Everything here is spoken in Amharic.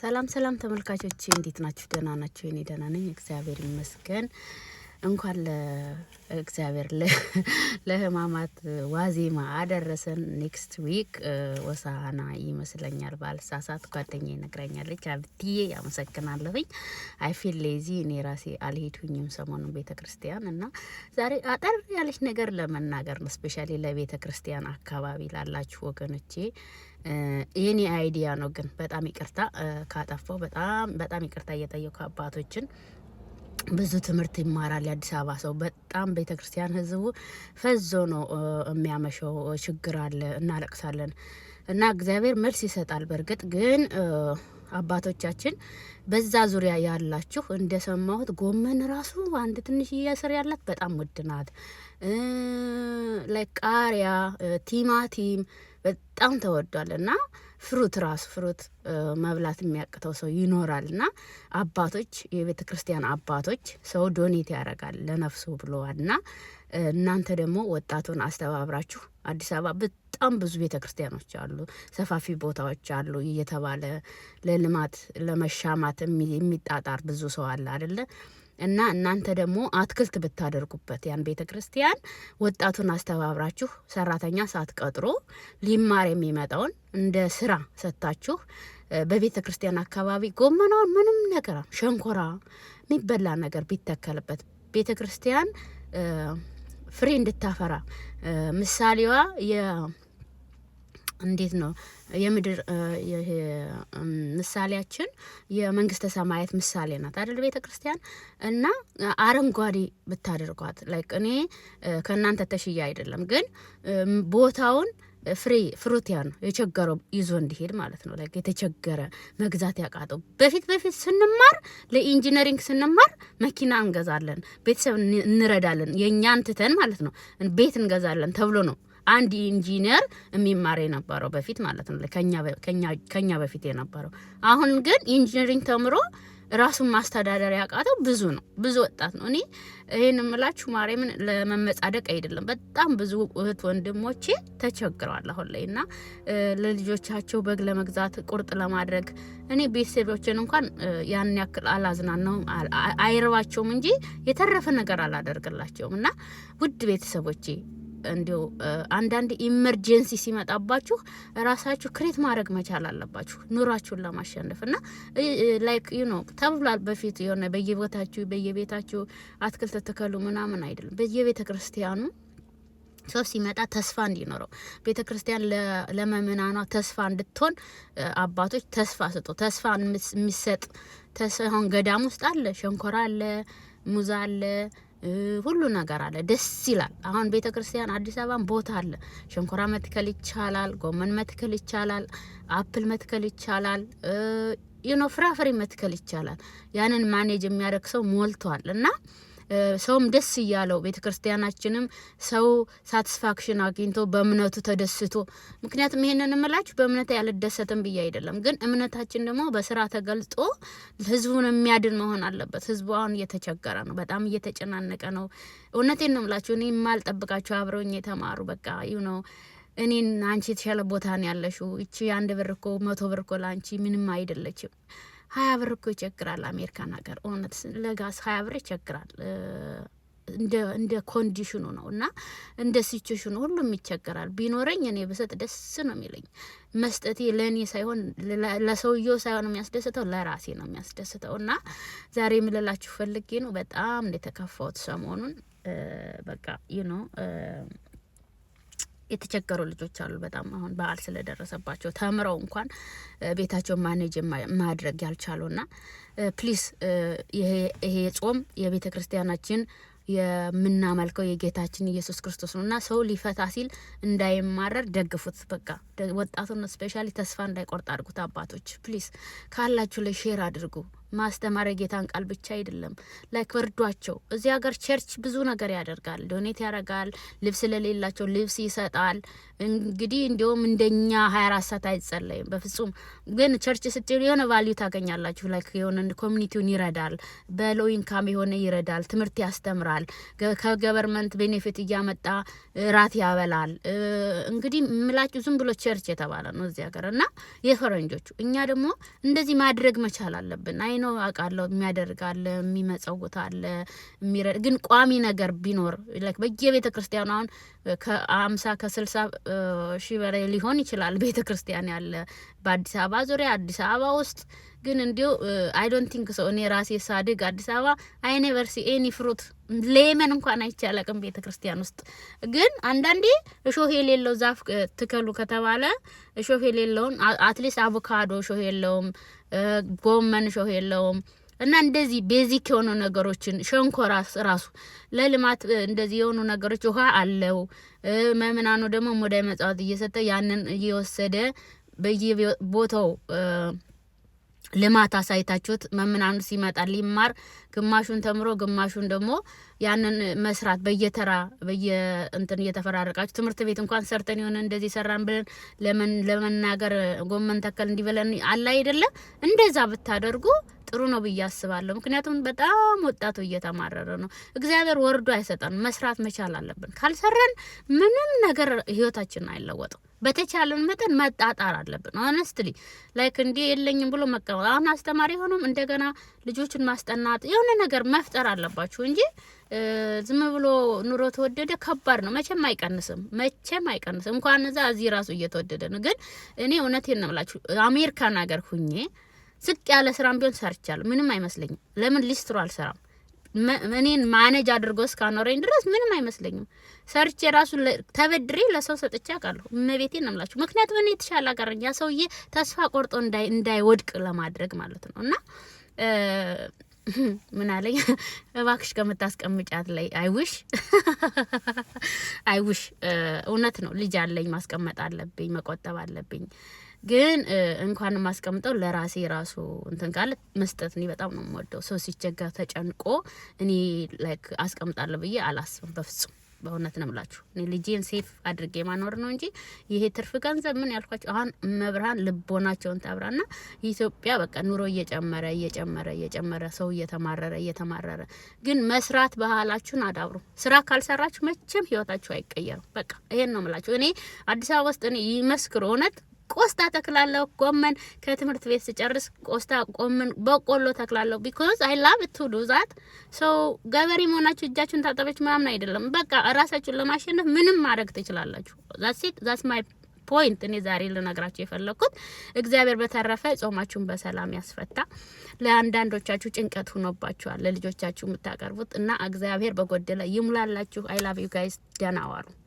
ሰላም ሰላም ተመልካቾቼ እንዴት ናችሁ? ደህና ናችሁ? እኔ ደህና ነኝ፣ እግዚአብሔር ይመስገን። እንኳን ለእግዚአብሔር ለሕማማት ዋዜማ አደረሰን። ኔክስት ዊክ ወሳና ይመስለኛል ባልሳሳት፣ ጓደኛ ይነግረኛለች። አብትዬ ያመሰግናለሁኝ። አይፊል ሌዚ እኔ ራሴ አልሄድሁኝም ሰሞኑን ቤተ ክርስቲያን እና ዛሬ አጠር ያለች ነገር ለመናገር ነው። ስፔሻሊ ለቤተ ክርስቲያን አካባቢ ላላችሁ ወገኖቼ የኔ አይዲያ ነው። ግን በጣም ይቅርታ ካጠፋው በጣም በጣም ይቅርታ እየጠየኩ አባቶችን ብዙ ትምህርት ይማራል የአዲስ አበባ ሰው። በጣም ቤተ ክርስቲያን ህዝቡ ፈዞ ነው የሚያመሸው። ችግር አለ፣ እናለቅሳለን እና እግዚአብሔር መልስ ይሰጣል። በእርግጥ ግን አባቶቻችን በዛ ዙሪያ ያላችሁ እንደሰማሁት ጎመን ራሱ አንድ ትንሽ እያስር ያላት በጣም ውድ ናት። ላይ ቃሪያ፣ ቲማቲም በጣም ተወዷል እና ፍሩት ራሱ ፍሩት መብላት የሚያቅተው ሰው ይኖራል እና አባቶች የቤተ ክርስቲያን አባቶች ሰው ዶኔት ያደርጋል ለነፍሱ ብለዋል እና እናንተ ደግሞ ወጣቱን አስተባብራችሁ አዲስ አበባ በጣም ብዙ ቤተ ክርስቲያኖች አሉ፣ ሰፋፊ ቦታዎች አሉ እየተባለ ለልማት ለመሻማት የሚጣጣር ብዙ ሰው አለ አደለ? እና እናንተ ደግሞ አትክልት ብታደርጉበት ያን ቤተ ክርስቲያን ወጣቱን አስተባብራችሁ ሰራተኛ ቀጥሮ ሊማር የሚመጣውን እንደ ስራ ሰጥታችሁ በቤተ ክርስቲያን አካባቢ ጎመናውን ምንም ነገር ሸንኮራ የሚበላ ነገር ቢተከልበት ቤተ ክርስቲያን ፍሬ እንድታፈራ ምሳሌዋ እንዴት ነው የምድር ምሳሌያችን የመንግስተ ሰማያት ምሳሌ ናት አይደል? ቤተ ክርስቲያን እና አረንጓዴ ብታደርጓት ላይክ እኔ ከእናንተ ተሽያ አይደለም፣ ግን ቦታውን ፍሬ ፍሩቲያ ነው የቸገረው ይዞ እንዲሄድ ማለት ነው። ላይክ የተቸገረ መግዛት ያቃጠው በፊት በፊት ስንማር ለኢንጂነሪንግ ስንማር መኪና እንገዛለን፣ ቤተሰብ እንረዳለን፣ የእኛን ትተን ማለት ነው ቤት እንገዛለን ተብሎ ነው አንድ ኢንጂነር የሚማር የነበረው በፊት ማለት ነው ከኛ በፊት የነበረው። አሁን ግን ኢንጂነሪንግ ተምሮ ራሱን ማስተዳደር ያቃተው ብዙ ነው፣ ብዙ ወጣት ነው። እኔ ይህን የምላችሁ ማርያምን ለመመጻደቅ አይደለም። በጣም ብዙ እህት ወንድሞቼ ተቸግረዋል አሁን ላይ እና ለልጆቻቸው በግ ለመግዛት ቁርጥ ለማድረግ እኔ ቤተሰቦችን እንኳን ያን ያክል አላዝናናውም፣ አይርባቸውም እንጂ የተረፈ ነገር አላደርግላቸውም እና ውድ ቤተሰቦቼ እንዲው አንዳንድ ኢመርጀንሲ ሲመጣባችሁ ራሳችሁ ክሬት ማድረግ መቻል አለባችሁ ኑሯችሁን ለማሸነፍ እና ላይክ ዩ ኖ ተብሏል በፊት የሆነ በየቦታችሁ በየቤታችሁ አትክልት ተተከሉ ምናምን አይደለም። በየቤተ ክርስቲያኑ ሰው ሲመጣ ተስፋ እንዲኖረው ቤተ ክርስቲያን ለመምናኗ ተስፋ እንድትሆን አባቶች ተስፋ ስጡ። ተስፋ የሚሰጥ ተስፋ አሁን ገዳም ውስጥ አለ፣ ሸንኮራ አለ፣ ሙዝ አለ ሁሉ ነገር አለ። ደስ ይላል። አሁን ቤተ ክርስቲያን አዲስ አበባን ቦታ አለ። ሸንኮራ መትከል ይቻላል፣ ጎመን መትከል ይቻላል፣ አፕል መትከል ይቻላል፣ ዩኖ ፍራፍሬ መትከል ይቻላል። ያንን ማኔጅ የሚያደርግ ሰው ሞልቷል እና ሰውም ደስ እያለው ቤተ ክርስቲያናችንም ሰው ሳትስፋክሽን አግኝቶ በእምነቱ ተደስቶ ምክንያቱም ይሄንን እምላችሁ በእምነት ያልደሰትም ብዬ አይደለም፣ ግን እምነታችን ደግሞ በስራ ተገልጦ ህዝቡን የሚያድን መሆን አለበት። ህዝቡ አሁን እየተቸገረ ነው፣ በጣም እየተጨናነቀ ነው። እውነቴን ነው እምላችሁ እኔ የማልጠብቃቸው አብረውኝ የተማሩ በቃ ይሁ ነው እኔን አንቺ የተሻለ ቦታ ነው ያለሽው። እቺ አንድ ብር እኮ መቶ ብር እኮ ለአንቺ ምንም አይደለችም። ሀያ ብር እኮ ይቸግራል። አሜሪካን ሀገር እውነት ለጋስ ሀያ ብር ይቸግራል። እንደ ኮንዲሽኑ ነው እና እንደ ሲቹዌሽኑ ሁሉም ይቸገራል። ቢኖረኝ እኔ ብሰጥ ደስ ነው የሚለኝ። መስጠቴ ለእኔ ሳይሆን ለሰውየው ሳይሆን የሚያስደስተው ለራሴ ነው የሚያስደስተው። እና ዛሬ የምልላችሁ ፈልጌ ነው። በጣም እንደ ተከፋሁት ሰሞኑን በቃ ይኖ የተቸገሩ ልጆች አሉ። በጣም አሁን በዓል ስለደረሰባቸው ተምረው እንኳን ቤታቸውን ማኔጅ ማድረግ ያልቻሉና ፕሊስ ይሄ ጾም የቤተ ክርስቲያናችን የምናመልከው የጌታችን ኢየሱስ ክርስቶስ ነው እና ሰው ሊፈታ ሲል እንዳይማረር ደግፉት። በቃ ወጣቱን ስፔሻሊ ተስፋ እንዳይቆርጥ አድርጉት። አባቶች ፕሊስ ካላችሁ ላይ ሼር አድርጉ። ማስተማር የጌታን ቃል ብቻ አይደለም። ላይክ በርዷቸው። እዚህ ሀገር ቸርች ብዙ ነገር ያደርጋል፣ ዶኔት ያደርጋል፣ ልብስ ለሌላቸው ልብስ ይሰጣል። እንግዲህ እንዲሁም እንደኛ ሀያ አራት ሰዓት አይጸለይም በፍጹም ግን ቸርች ስትሄዱ የሆነ ቫልዩ ታገኛላችሁ። ላይክ የሆነ ኮሚኒቲውን ይረዳል፣ በሎ ኢንካም የሆነ ይረዳል፣ ትምህርት ያስተምራል፣ ከገቨርንመንት ቤኔፊት እያመጣ ራት ያበላል። እንግዲህ ምላችሁ ዝም ብሎ ቸርች የተባለ ነው እዚህ ሀገር እና የፈረንጆቹ። እኛ ደግሞ እንደዚህ ማድረግ መቻል አለብን። አይ አውቃለሁ፣ የሚያደርግ አለ፣ የሚመጸውት አለ፣ የሚረዳ ግን ቋሚ ነገር ቢኖር በየቤተ ክርስቲያኑ አሁን ከአምሳ ከስልሳ ሺህ በላይ ሊሆን ይችላል ቤተ ክርስቲያን ያለ በአዲስ አበባ ዙሪያ አዲስ አበባ ውስጥ ግን እንዲሁ አይ ዶንት ቲንክ ሰው እኔ ራሴ ሳድግ አዲስ አበባ አይ ኔቨር ሲ ኤኒ ፍሩት ሌመን እንኳን አይቼ አላቅም ቤተ ክርስቲያን ውስጥ። ግን አንዳንዴ እሾህ የሌለው ዛፍ ትከሉ ከተባለ እሾህ የሌለውን አትሊስት አቮካዶ እሾህ የለውም፣ ጎመን እሾህ የለውም። እና እንደዚህ ቤዚክ የሆኑ ነገሮችን ሸንኮራ ራሱ ለልማት እንደዚህ የሆኑ ነገሮች ውሃ አለው። መምናኑ ደግሞ ሞዳይ መጽዋት እየሰጠ ያንን እየወሰደ በየቦታው ልማት አሳይታችሁት መምናኑ ሲመጣ ሊማር ግማሹን ተምሮ ግማሹን ደግሞ ያንን መስራት በየተራ በየእንትን እየተፈራረቃችሁ ትምህርት ቤት እንኳን ሰርተን የሆነ እንደዚህ ሰራን ብለን ለምን ለመናገር ጎመን ተከል እንዲበለን አለ አይደለ? እንደዛ ብታደርጉ ጥሩ ነው ብዬ አስባለሁ። ምክንያቱም በጣም ወጣቱ እየተማረረ ነው። እግዚአብሔር ወርዶ አይሰጠን፣ መስራት መቻል አለብን። ካልሰራን ምንም ነገር ህይወታችን አይለወጥም። በተቻለን መጠን መጣጣር አለብን። ሆነስትሊ ላይክ እንዲህ የለኝም ብሎ መቀበል። አሁን አስተማሪ ሆኖም እንደገና ልጆችን ማስጠናት የሆነ ነገር መፍጠር አለባችሁ እንጂ ዝም ብሎ ኑሮ ተወደደ ከባድ ነው። መቼም አይቀንስም፣ መቼም አይቀንስም። እንኳን እዛ እዚህ ራሱ እየተወደደ ነው። ግን እኔ እውነቴን ነው የምላችሁ አሜሪካን ሀገር ሁኜ ዝቅ ያለ ስራም ቢሆን ሰርቻለሁ። ምንም አይመስለኝም። ለምን ሊስትሮ አልሰራም? እኔን ማነጅ አድርጎ እስካኖረኝ ድረስ ምንም አይመስለኝም። ሰርቼ የራሱ ተበድሬ ለሰው ሰጥቼ አውቃለሁ። እመቤቴ ነው የምላችሁ። ምክንያቱም እኔ የተሻለ አቀረኝ ያ ሰውዬ ተስፋ ቆርጦ እንዳይወድቅ ለማድረግ ማለት ነው እና ምን አለኝ እባክሽ ከምታስቀምጫት ላይ አይውሽ አይውሽ እውነት ነው። ልጅ አለኝ፣ ማስቀመጥ አለብኝ፣ መቆጠብ አለብኝ። ግን እንኳን ማስቀምጠው ለራሴ ራሱ እንትን ካለ መስጠት እኔ በጣም ነው የምወደው። ሰው ሲቸገር ተጨንቆ እኔ ላይክ አስቀምጣለሁ ብዬ አላስብም በፍጹም። በእውነት ነው ምላችሁ እኔ ልጄን ሴፍ አድርጌ ማኖር ነው እንጂ ይሄ ትርፍ ገንዘብ ምን ያልኳቸው አሁን መብርሃን ልቦናቸውን ታብራና ኢትዮጵያ በቃ ኑሮ እየጨመረ እየጨመረ እየጨመረ ሰው እየተማረረ እየተማረረ ግን መስራት ባህላችሁን አዳብሩ። ስራ ካልሰራችሁ መቼም ህይወታችሁ አይቀየርም። በቃ ይሄን ነው የምላችሁ። እኔ አዲስ አበባ ውስጥ እኔ ይመስክር እውነት ቆስጣ ተክላለሁ። ጎመን ከትምህርት ቤት ስጨርስ ቆስጣ፣ ጎመን፣ በቆሎ ተክላለሁ። ቢኮዝ አይ ላቭ ቱ ዱ ዛት ሰው ገበሬ መሆናችሁ እጃችሁን ታጠበች ምናምን አይደለም። በቃ ራሳችሁን ለማሸነፍ ምንም ማድረግ ትችላላችሁ። ዛትስ ኢት ማይ ፖይንት። እኔ ዛሬ ልነግራችሁ የፈለኩት እግዚአብሔር በተረፈ ጾማችሁን በሰላም ያስፈታ። ለአንዳንዶቻችሁ ጭንቀት ሁኖባችኋል ለልጆቻችሁ የምታቀርቡት እና እግዚአብሔር በጎደለ ይሙላላችሁ። አይ ላቭ ዩ ጋይስ ደህና ዋሉ።